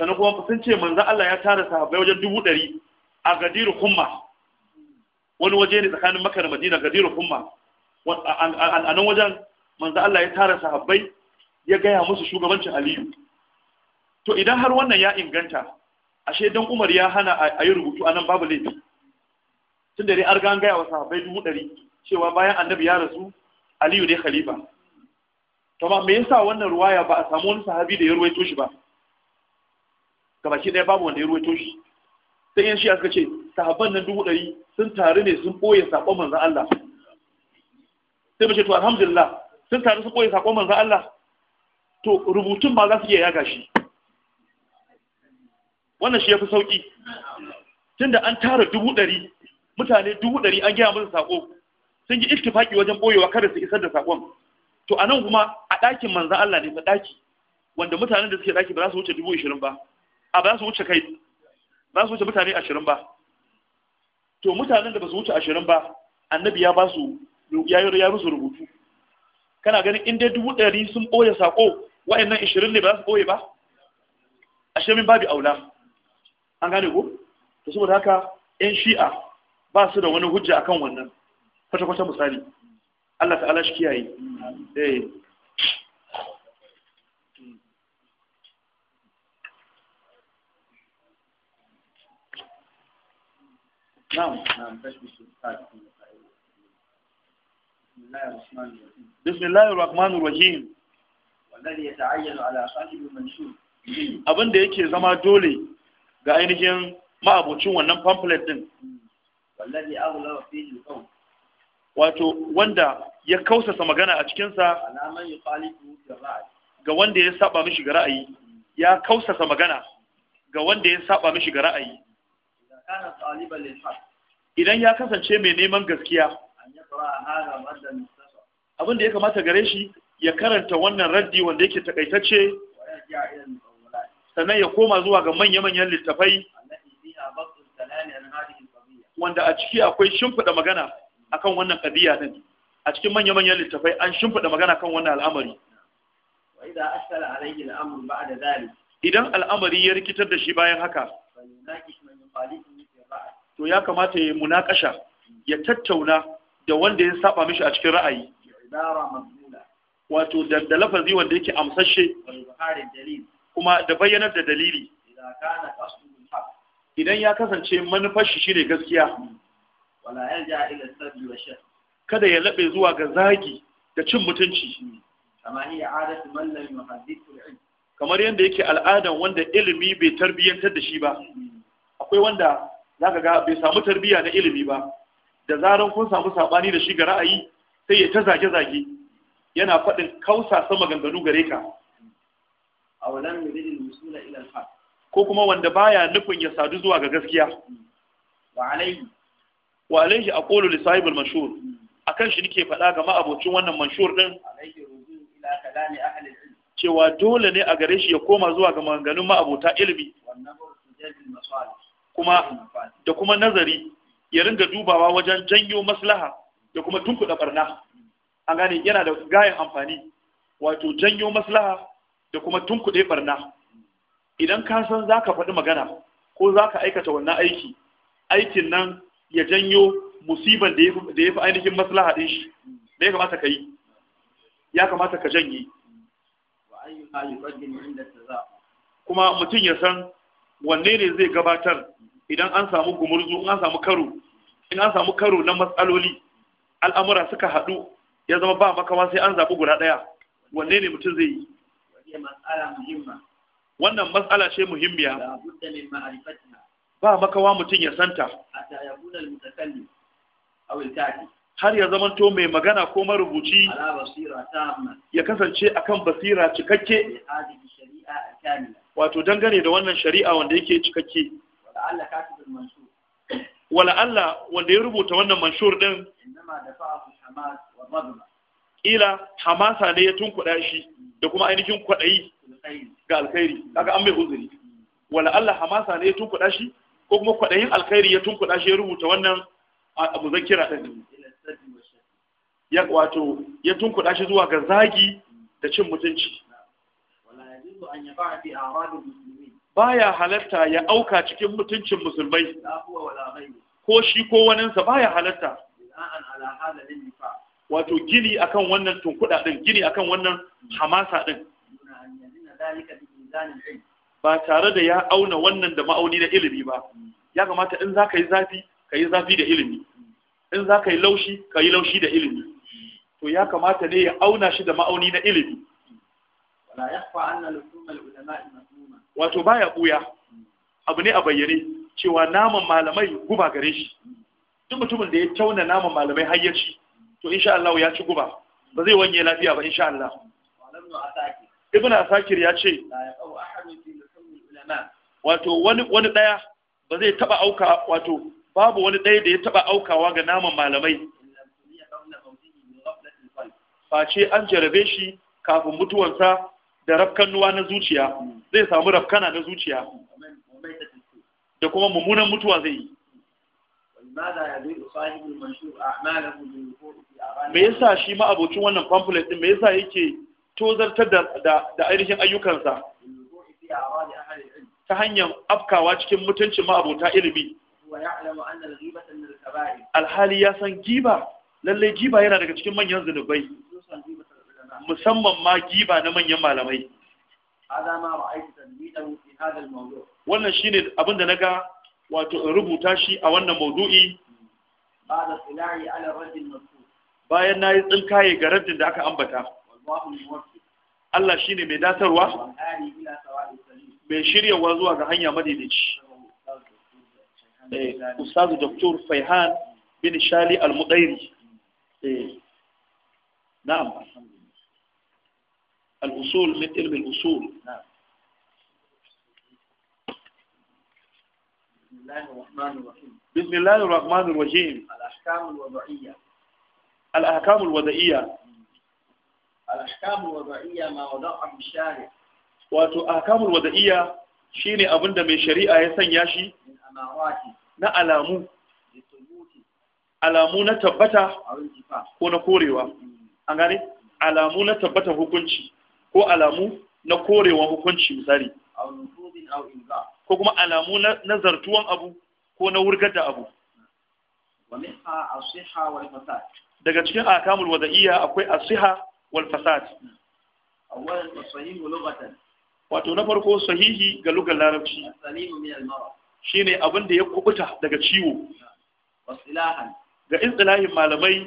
sannan kuma sun ce manzo Allah ya tara sahabbai wajen dubu ɗari a Gadiru Humma wani waje ne tsakanin Makka da Madina Gadiru Humma a nan wajen manzo Allah ya tara sahabbai ya gaya musu shugabancin Aliyu to idan har wannan ya inganta ashe dan Umar ya hana a yi rubutu a nan babu laifi tun da dai an gaya wa sahabbai dubu ɗari cewa bayan annabi ya rasu aliyu ne khalifa to ma me yasa wannan ruwaya ba a samu wani sahabi da ya ruwaito shi ba gabaki ɗaya babu wanda ya ruwaito shi sai yan shi aka ce sahabban nan dubu ɗari sun taru ne sun ɓoye saƙon manzan Allah sai mace to alhamdulillah sun taru sun ɓoye saƙon manzan Allah to rubutun ba za su iya yaga shi wannan shi ya fi sauƙi tunda an tara dubu ɗari mutane dubu ɗari an gaya musu saƙo sun yi ittifaki wajen boyewa kada su isar da sakon to anan kuma a ɗakin manzan Allah ne ba ɗaki wanda mutanen da suke ɗaki ba za su wuce dubu ishirin ba a ba za su wuce kai ba za su wuce mutane ashirin ba to mutanen da ba su wuce ashirin ba annabi ya ba su ya yi ya musu rubutu kana ganin in dai dubu ɗari sun ɓoye saƙo wa'annan ishirin ne ba za su ɓoye ba ashe min babu aula an gane ko to saboda haka 'yan shi'a ba su da wani hujja akan wannan kwata-kwata misali Allah ta'ala shi kiyaye eh بسم الله الرحمن الرحيم والذي يتعين على صاحب المنشور abin da yake zama dole ga ainihin ma ma'abucin wannan pamphlet din wallahi aghlaw fihi al-qawl wato wanda ya kausasa magana a cikinsa ga wanda ya saba mishi ga ra'ayi ya kausasa magana ga wanda ya saba mishi ga ra'ayi idan ya kasance mai neman gaskiya abin da ya kamata gare shi ya karanta wannan raddi wanda yake takaitacce sannan ya koma zuwa ga manya-manyan littafai wanda a ciki akwai shimfiɗa magana akan wannan kadiya din a cikin manya-manyan littafai an shimfida magana kan wannan al'amari idan al'amari ya rikitar da shi bayan haka to ya kamata ya munakasha ya tattauna da wanda ya saba mishi a cikin ra'ayi wato da lafazi wanda yake amsashe kuma da bayyanar da dalili idan ya kasance manufar shi shine gaskiya wala yarja ila sabbi wa shar kada ya labe zuwa ga zagi da cin mutunci kama hiya adatu man lam yuhaddithu al-ilm kamar yadda yake al'adan wanda ilimi bai tarbiyyantar da shi ba akwai wanda zaka ga bai samu tarbiyya na ilimi ba da zaran kun samu sabani da shi ga ra'ayi sai ya ta zage-zage yana faɗin kausa sama ganganu gare ka a wannan yuridin musula ila al ko kuma wanda baya nufin ya sadu zuwa ga gaskiya wa alai wa alaihi aqulu li sahibul mashhur akan shi nake faɗa ga ma'abocin wannan mashhur din cewa dole ne a gare shi ya koma zuwa ga maganganun ma'abota ilimi kuma da kuma nazari ya ringa dubawa wajen janyo maslaha da kuma tunkuɗa barna an gane yana da gayan amfani wato janyo maslaha da kuma tunkuɗe barna idan ka san za ka faɗi magana ko za ka aikata wannan aiki aikin nan ya janyo musibar da ya fi ainihin maslaha din shi da ya kamata ka yi ya kamata ka janye kuma mutum ya san wanne ne zai gabatar idan an samu gumurzu an samu karo in an samu karo na matsaloli al'amura suka haɗu ya zama ba makawa sai an zaɓi guda ɗaya wanne ne mutum zai yi wannan matsala ce muhimmiya ba makawa mutum ya santa hatta aw al har ya zamanto mai magana ko marubuci ya kasance akan basira cikakke wato dangane da wannan shari'a wanda yake cikakke wala Allah wanda ya rubuta wannan manshur din ila hamasa ne ya tunkuɗa shi da kuma ainihin kwaɗayi ga alkhairi kaga an mai uzuri wala Allah hamasa ne ya tunkuɗa shi ko kuma kwaɗayin alkhairi ya tunkuɗa shi ya rubuta wannan a zakira ɗin ya wato ya tunkuɗa shi zuwa ga zagi da cin mutunci baya halatta ya auka cikin mutuncin musulmai ko shi ko waninsa baya halatta wato gini akan wannan tunkuɗa ɗin gini akan wannan hamasa ɗin ba tare da ya auna wannan da ma'auni na ilimi ba ya kamata in za ka yi zafi ka yi zafi da ilimi in za ka yi laushi ka yi laushi da ilimi to ya kamata ne ya auna shi da ma'auni na ilimi wato baya buya abu ne a bayyane cewa naman malamai guba gare shi duk mutumin da ya tauna naman malamai har to insha Allah ya ci guba ba zai wanye lafiya ba insha Allah ibn asakir ya ce wato wani wani daya ba zai taba auka wato babu wani daya da ya taba aukawa ga naman malamai face an jarabe shi kafin mutuwansa da rafkanuwa na zuciya zai samu rafkana na zuciya da kuma mummunan mutuwa zai yi me yasa shi ma'abocin wannan pamphlet din me yasa yake tozartar da ainihin ayyukansa ta hanyar afkawa cikin mutuncin ma'abota ilimi alhali ya san giba lallai giba yana daga cikin manyan zunubai musamman ma giba na manyan malamai wannan shi ne abinda na ga wato rubuta shi a wannan maudu'i bayan na yi tsinkaye ga raddin da aka ambata Allah shi ne mai datarwa mai shiryawa zuwa ga hanya madaidaici ustazu doktor faihan bin shali al-mudairi na'am al-usul min ilmi al-usul بسم الله الرحمن الرحيم الأحكام الوضعية الأحكام الوضعية الأحكام الوضعية ما وضعه الشارع wato akamul wada'iyya shine abin da mai shari'a ya sanya shi na alamu alamu na tabbata ko na korewa an gane alamu na tabbata hukunci ko alamu na korewa hukunci misali ko kuma alamu na zartuwan abu ko na wurgar da abu daga cikin akamul wada'iyya akwai asiha wal fasad wato na farko sahihi ga lugar larabci ne abin da ya kubuta daga ciwo ga istilahin malamai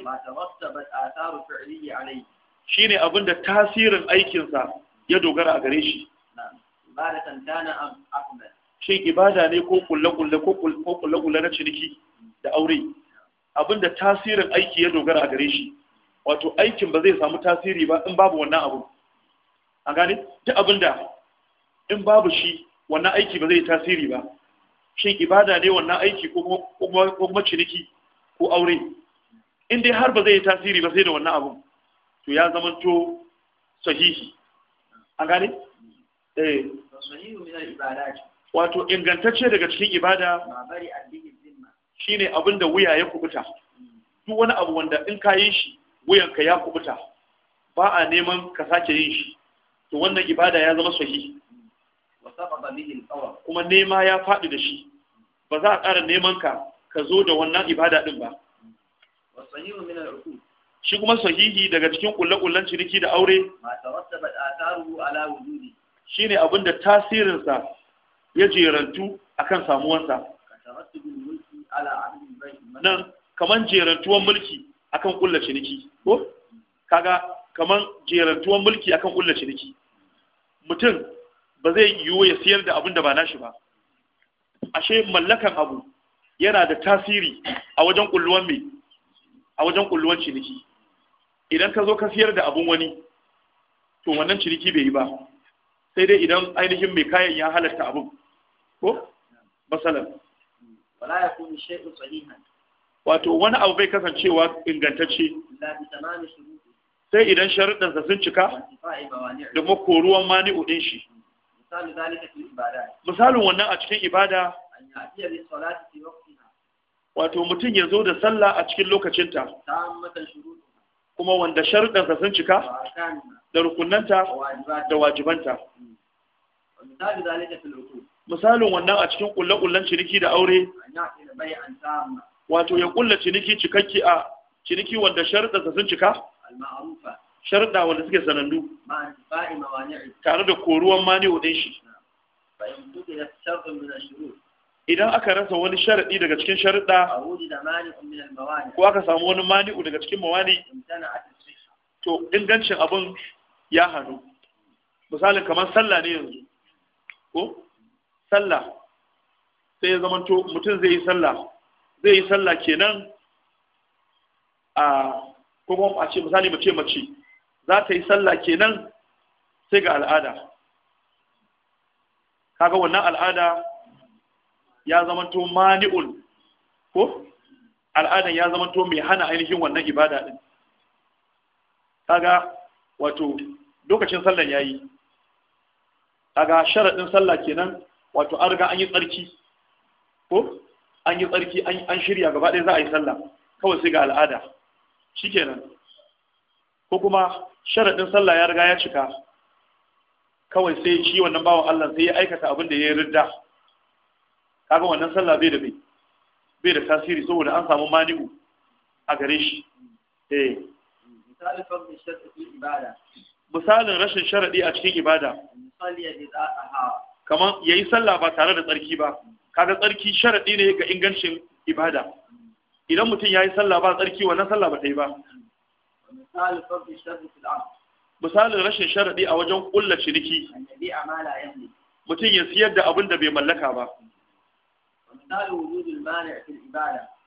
ne abin da tasirin aikinsa ya dogara a gare shi shin ibada ne ko kulle-kulle ko kulle-kulle na ciniki da aure abin da tasirin aiki ya dogara a gare shi wato aikin ba zai samu tasiri ba in babu wannan abu A gane ta abin da in babu shi wannan aiki ba zai tasiri ba shin ibada ne wannan aiki ko kuma ciniki ko aure in dai har ba zai tasiri ba sai da wannan abun to ya zama to sahihi an gane eh wato ingantacce daga cikin ibada shine abin da wuya ya kubuta duk wani abu wanda in ka yi shi wuyanka ya kubuta ba a neman ka sake yin shi to wannan ibada ya zama sahihi kuma nema ya faɗi da shi ba za a ƙara neman ka ka zo da wannan ibada ɗin ba shi kuma sahihi daga cikin ƙulle-ƙullen ciniki da aure shi ne abin da tasirinsa ya jerantu a kan samuwansa nan kamar jerantuwan mulki akan ƙulla ciniki ko kaga kamar jerantuwan mulki kan ƙulla ciniki mutum ba zai yiwu ya siyar da abin da ba nashi ba ashe mallakan abu yana da tasiri a wajen kulluwan mai a wajen kulluwan ciniki idan ka zo ka siyar da abin wani to wannan ciniki bai yi ba sai dai idan ainihin mai kayan ya halatta abin ko masalan wala sahihan wato wani abu bai kasancewa ingantacce sai idan sharuɗansa sun cika da makoruwan mani'u ɗin shi misalin wannan a cikin ibada wato mutum ya zo da sallah a cikin lokacinta kuma wanda sharuɗansa sun cika da rukunanta da wajibanta misalin wannan a cikin ƙulle-ƙullen ciniki da aure wato ya ƙulla ciniki cikakki a ciniki wanda sharuɗansa sun cika sharuɗa wanda suke sanannu tare da koruwan mani ɗin shi idan aka rasa wani sharaɗi daga cikin sharuɗa ko aka samu wani mani daga cikin mawani to ingancin abin ya hannu misalin kamar sallah ne yanzu ko sallah sai ya zamanto mutum zai yi sallah zai yi sallah kenan a ko kuma a ce misali mace mace za ta yi sallah kenan sai ga al'ada kaga wannan al'ada ya to mani'un ko al'adan ya to mai hana ainihin wannan ibada din kaga wato lokacin sallan yayi kaga sharadin sallah kenan wato an riga an yi tsarki ko an yi tsarki an shirya gaba ɗaya za a yi sallah kawai sai ga al'ada shikenan ko kuma sharaɗin sallah ya riga ya cika kawai sai shi wannan bawan Allah sai ya aikata abin da ya yi ridda kaga wannan sallah bai da bai da tasiri saboda an samu mani'u a gare shi eh misalin rashin sharaɗi a cikin ibada kamar ya yi sallah ba tare da tsarki ba kaga tsarki sharaɗi ne ga ingancin ibada idan mutum ya yi sallah ba tsarki wannan sallah ba ta yi ba misalin rashin sharaɗi a wajen ƙulla ciniki mutum ya siyar da abin da bai mallaka ba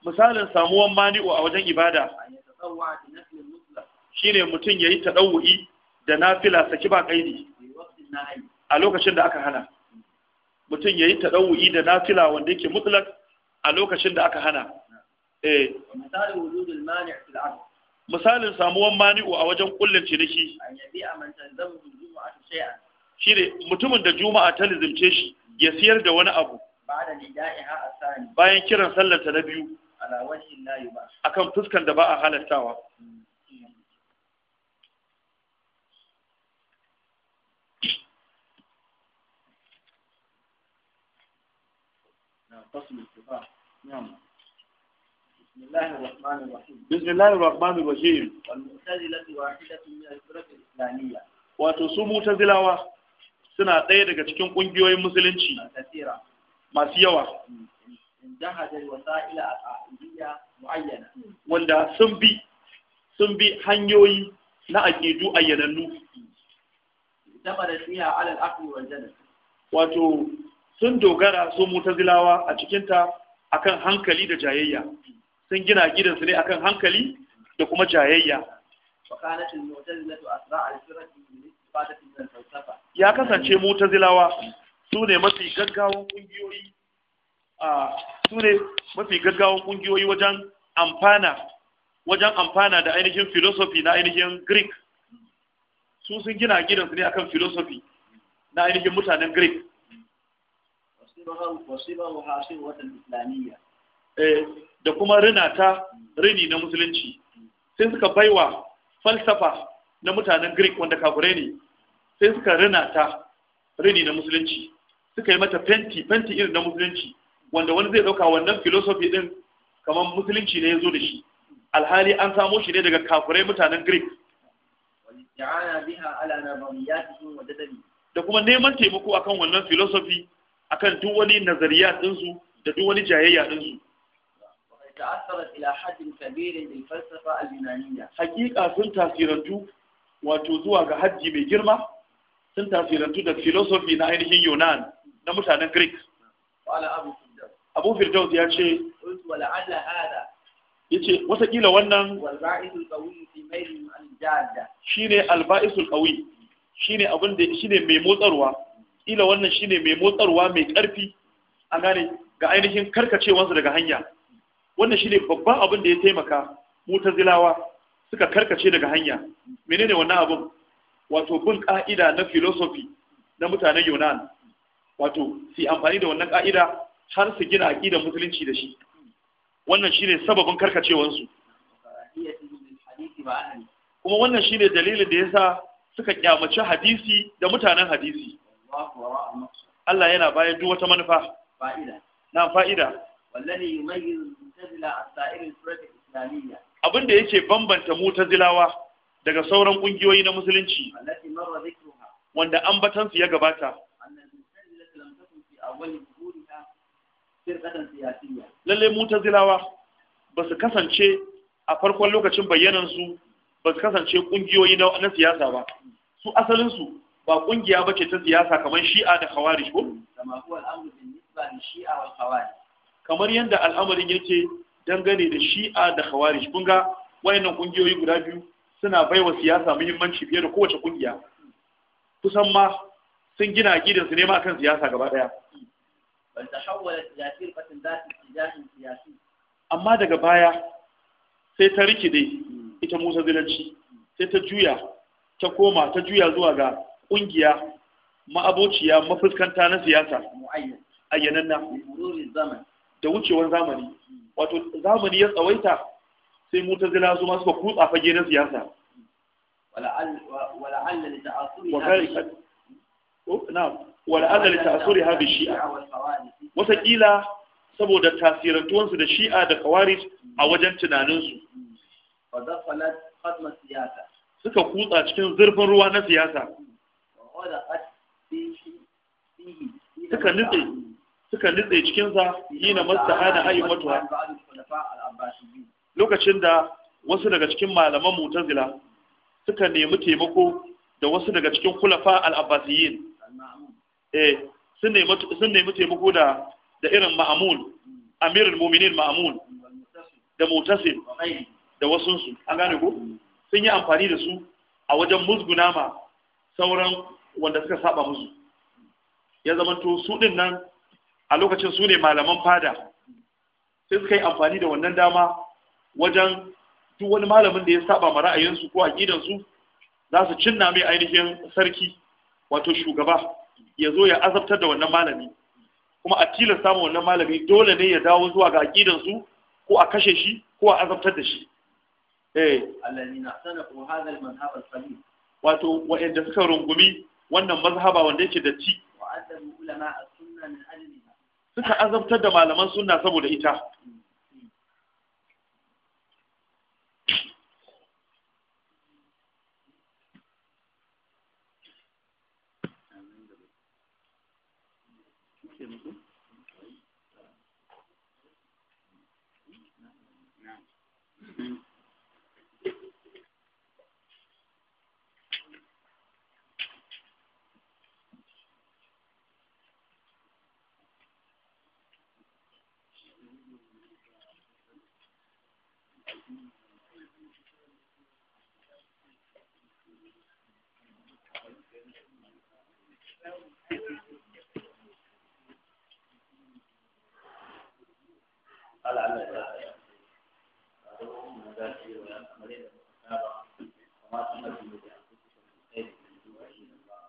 misalin samuwan mani'u a wajen ibada Shi ne mutum ya yi taɗawu'i da na fila saki ba ƙaidi a lokacin da aka hana mutum ya yi taɗawu'i da na fila wanda yake mutlak a lokacin da aka hana misalin samuwan mani'u a wajen kullum ciniki shi ne mutumin da juma'a ta lizimce shi ya siyar da wani abu bayan kiran sallanta na biyu akan fuskan da ba a halattawa بسم الله الرحمن الرحيم بسم الله الرحمن الرحيم wato su mutazilawa suna ɗaya daga cikin ƙungiyoyin musulunci masu yawa wanda sun bi sun bi hanyoyi na aƙidu ayyanannu wato sun dogara su mutazilawa a cikinta akan hankali da jayayya sun gina gidansu ne akan hankali da kuma jayayya ya kasance mutazilawa su ne mafi gaggawan kungiyoyi a su ne mafi gaggawan kungiyoyi wajen amfana wajen amfana da ainihin philosophy na ainihin greek su sun gina gidansu ne akan philosophy na ainihin mutanen greek da kuma rina ta rini na musulunci sai suka baiwa falsafa na mutanen greek wanda kafirai ne sai suka rina ta rini na musulunci suka yi mata fenti fenti irin na musulunci wanda wani zai dauka wannan philosophy din kamar musulunci ne ya zo da shi alhali an samo shi ne daga kafirai mutanen greek da kuma neman taimako akan wannan philosophy akan duk wani nazariya ɗinsu da duk wani jayayya ɗinsu تأثرت إلى حد كبير بالفلسفة اليونانية حقيقة سن تأثيرتو وتوزوها كحد من جرمة سن تأثيرتو ده فيلوسوفي نعينه يونان نمتانا غريك قال أبو فردوس أبو فردوس يا شيء قلت ولعل هذا yace watakila wannan shine alba'isul qawi shine abin da shine mai motsarwa kila wannan shine mai motsarwa mai karfi an gane ga ainihin karkacewansu daga hanya wannan shine babban abin da ya taimaka zilawa suka karkace daga hanya menene wannan abin wato bin ka'ida na philosophy na mutanen Yunan wato su amfani da wannan ka'ida har su gina aqidar musulunci da shi wannan shine sababin karkacewansu kuma wannan shine dalilin da ya sa suka kyamaci hadisi da mutanen hadisi Allah yana bayan duk wata manufa fa'ida na fa'ida abin da yake bambanta mutazilawa daga sauran ƙungiyoyi na musulunci wanda ambatansu ya gabata lalle mutazilawa ba su kasance a farkon lokacin bayyanansu ba su kasance ƙungiyoyi na siyasa ba su asalinsu ba ƙungiya ba ce ta siyasa kamar shi'a da khawarij ko? kamar yadda al'amarin yake dangane da shi'a da khawarij kun ga wayannan kungiyoyi guda biyu suna baiwa siyasa muhimmanci fiye da kowace kungiya kusan ma sun gina gidan su ne ma kan siyasa gaba daya amma daga baya sai ta rikide ita Musa Zilanci sai ta juya ta koma ta juya zuwa ga kungiya ma'abociya mafuskanta na siyasa ayyanan na da wucewar zamani wato zamani ya tsawaita sai mutazila su ma suka kutsa fage na siyasa Wala wala'alla da a ha da shi'a watakila saboda tasirantuwansu da shi'a da kawaris a wajen tunaninsu suka kutsa cikin zurfin ruwa na siyasa suka nutse suka nitse cikinsa yi na masta ana ayi watuwa lokacin da wasu daga cikin malaman mutazila suka nemi taimako da wasu daga cikin kulafa al-abbasiyin eh sun nemi taimako da da irin ma'amul amirul muminin ma'amul da mutasil da su an gane ko sun yi amfani da su a wajen musguna ma sauran wanda suka saba musu ya zama to su din nan a lokacin su ne malaman fada sai suka yi amfani da wannan dama wajen duk wani malamin da ya saba ma ra'ayinsu ko aƙidansu za su cinna mai ainihin sarki wato shugaba ya zo ya azabtar da wannan malami kuma a tilasta ma wannan malami dole ne ya dawo zuwa ga aƙidansu ko a kashe shi ko a azabtar da shi eh wato wa'anda suka rungumi wannan mazhaba wanda yake da ci wa'adda ulama as-sunna min ajli suka azabtar da malaman sunna saboda ita قال على ذلك ومن ذلك ويأمرين المتابعة وما تنزل بأنفسكم من خير من جوع إلى الله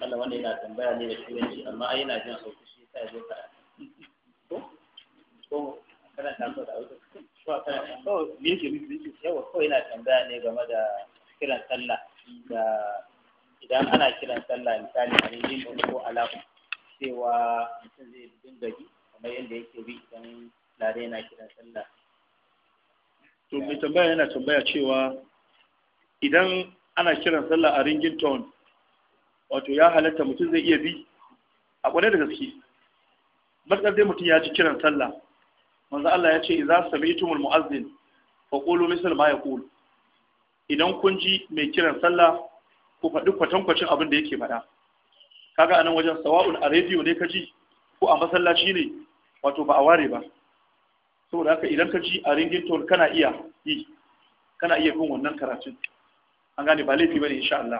قال وانا ina tambaya ne da turanci amma ai ina jin sauki ta zo kawai yana tambaya ne game da kiran sallah idan ana kiran sallah misali a yin ko alaƙa cewa mutum zai dinga yadda bi idan lare kiran sallah tambaya yana tambaya cewa idan ana kiran sallah a ringin wato ya halatta mutum zai iya bi a kwanar da gaske matsar dai mutum ya ji kiran sallah manzo Allah ya ce idza sami'tumul mu'azzin fa qulu misl ma yaqul idan kun ji mai kiran sallah ku faɗi kwatankwacin abin da yake faɗa kaga anan wajen sawa'un a rediyo ne ka ji ko a masallaci ne wato ba a ware ba saboda haka idan ka ji a ringin kana iya yi kana iya bin wannan karatun an gane ba laifi bane insha Allah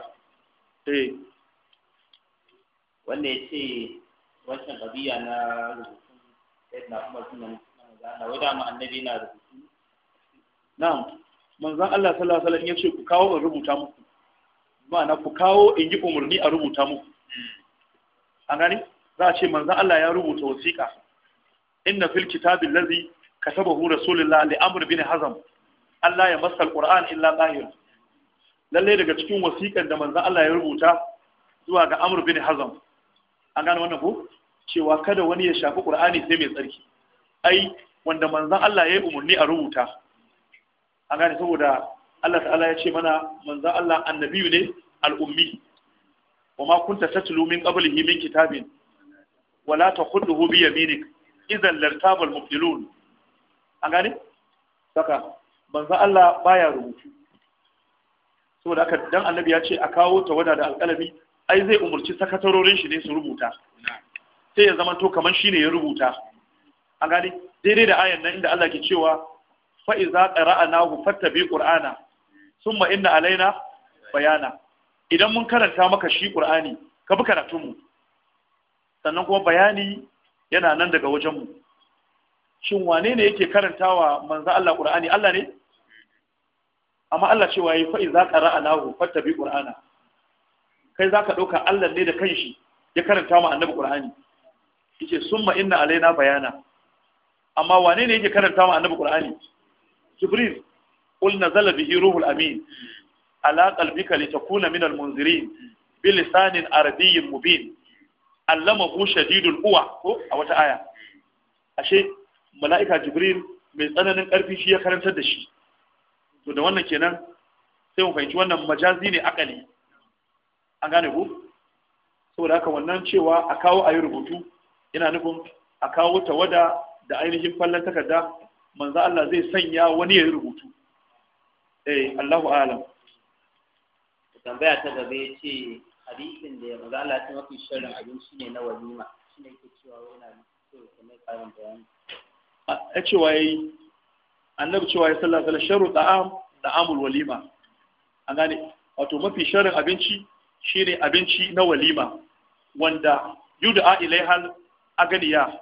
eh ya ce wancan ƙabiya na rubutun na kuma suna na wai dama annabi na rubutu na'am manzon Allah sallallahu alaihi wasallam yace ce ku kawo in rubuta muku ma'ana ku kawo in yi umarni a rubuta muku an gani za a ce manzon Allah ya rubuta wasiƙa inna fil kitabi allazi katabahu rasulullah li amr bin hazam Allah ya masa alquran illa zahir lalle daga cikin wasiƙan da manzon Allah ya rubuta zuwa ga amr bin hazam an gane wannan ko cewa kada wani ya shafi qur'ani sai mai tsarki ai wanda manzon Allah ya yi umarni a rubuta an gane saboda Allah ta'ala ya ce mana manzon Allah annabiyu ne al-ummi wa ma kunta tatlu min qablihi min kitabin wala takhudhu bi yaminik idan lartaba al-mubtilun an gane saka manzon Allah baya rubutu saboda haka dan annabi ya ce a kawo tawada da alƙalami ai zai umurci sakatarorin shi ne su rubuta sai ya zama to kamar shi ne ya rubuta an gani daidai da ayan nan inda Allah ke cewa fa iza qara'nahu fattabi qur'ana summa inna alaina bayana idan mun karanta maka shi qur'ani ka bi karatu mu sannan kuma bayani yana nan daga wajen mu shin wane ne yake karantawa manzo Allah qur'ani Allah ne amma Allah cewa yi fa iza qara'nahu fattabi qur'ana kai za ka ɗauka Allah ne da kanshi ya karanta mu annabi Qur'ani yace summa inna alaina bayana amma wane ne yake karanta mu annabi ƙur'ani? Jibril qul nazala bihi ruhul amin ala ta litakuna min almunzirin bi lisanin arabiyyin mubin allamahu shadidul quwa ko a wata aya ashe mala'ika Jibril mai tsananin ƙarfi shi ya karantar da shi to da wannan kenan sai mu fahimci wannan majazi ne akali an gane ku saboda haka wannan cewa a kawo a yi rubutu yana nufin a kawo tawada da ainihin fallon takarda manzo Allah zai sanya wani ya yi rubutu eh Allahu a'lam tambaya ta gaba ya ce hadisin da ya manzo Allah ya mafi sharrin abinci ne na walima shine yake cewa yana so mai karin bayani a cewa yayi annabi cewa ya sallallahu alaihi wasallam sharru da'am da'amul walima an gane wato mafi sharrin abinci shine abinci na walima wanda yud'a ilaihal aganiya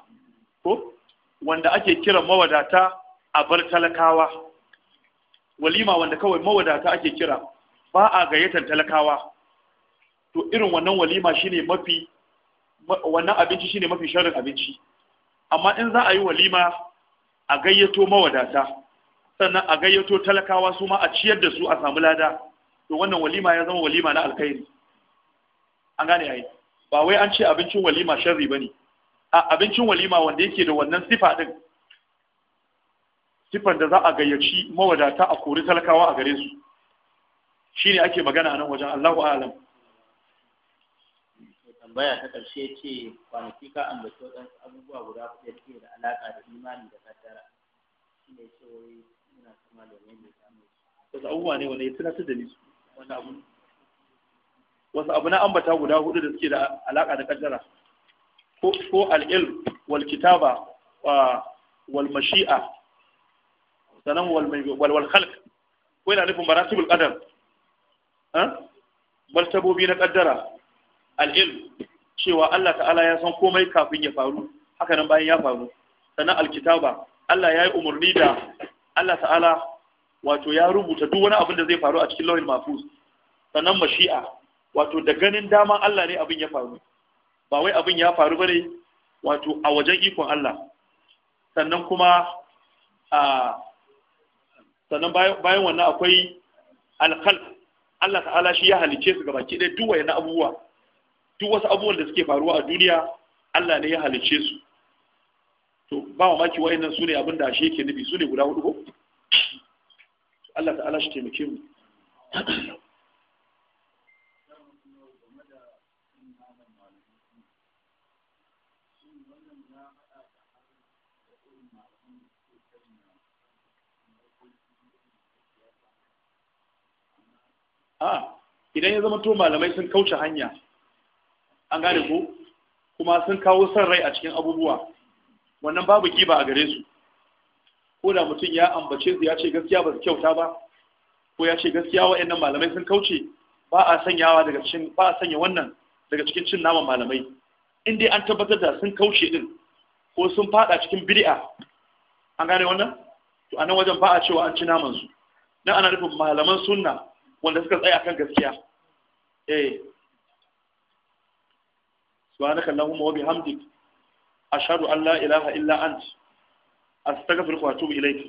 ko wanda ake kira mawadata a bar talakawa walima wanda kawai mawadata ake kira ba a gayyatar talakawa to irin wannan walima shine mafi wannan abinci shine mafi sharrin abinci amma in za a yi walima a gayyato mawadata sannan a gayyato talakawa su ma a ciyar da su a samu lada to wannan walima ya zama walima na alkhairi an gane yayi ba wai an ce abincin walima sharri bane a abincin walima wanda yake da wannan sifa din sifar da za a gayyaci mawadata a kori talakawa a gare su shine ake magana a nan wajen Allahu a'lam tambaya ta ƙarshe ce kwanaki ka ambaci waɗansu abubuwa guda ku da ke da alaƙa da imani da kaddara shine ne ce wai muna kama da wani mai samun wasu abubuwa ne wanda ya tunatar da ni wani abu wasu abu na ambata guda hudu da suke da alaka da kaddara ko al'ilm wal kitaba wal mashi'a sanan wal wal khalq ko yana nufin maratibul qadar martabobi na kaddara al'ilm cewa Allah ta'ala ya san komai kafin ya faru haka nan bayan ya faru sannan kitaba Allah ya yi umarni da Allah ta'ala wato ya rubuta duk wani abin da zai faru a cikin lauyin mafuz sannan mashi'a wato da ganin dama Allah ne abin ya faru ba wai abin ya faru bane wato a wajen ikon Allah sannan kuma a sannan bayan wannan akwai alkhalq Allah ta'ala shi ya halice su gabaki ɗaya duk wani abubuwa duk wasu abubuwan da suke faruwa a duniya Allah ne ya halice su to ba mamaki wayannan su ne abin da shi yake nufi su ne guda hudu ko Allah ta'ala shi taimake mu a ah, idan ya zama to malamai sun kauce hanya an gane ko kuma sun kawo son rai a cikin abubuwa wannan babu giba a gare su ko da mutum ya ambace su ya ce gaskiya ba su kyauta ba ko ya ce gaskiya wa'annan malamai sun kauce ba a sanyawa daga cikin ba a sanya wannan daga cikin cin naman malamai in dai an tabbatar da sun kauce din ko sun fada cikin bid'a an gane wannan to a nan wajen ba a cewa an ci naman su dan ana nufin malaman sunna wanda suka tsaya kan gaskiya eh subhanaka allahumma wa bihamdik ashhadu an la ilaha illa ant astaghfiruka wa atubu ilayk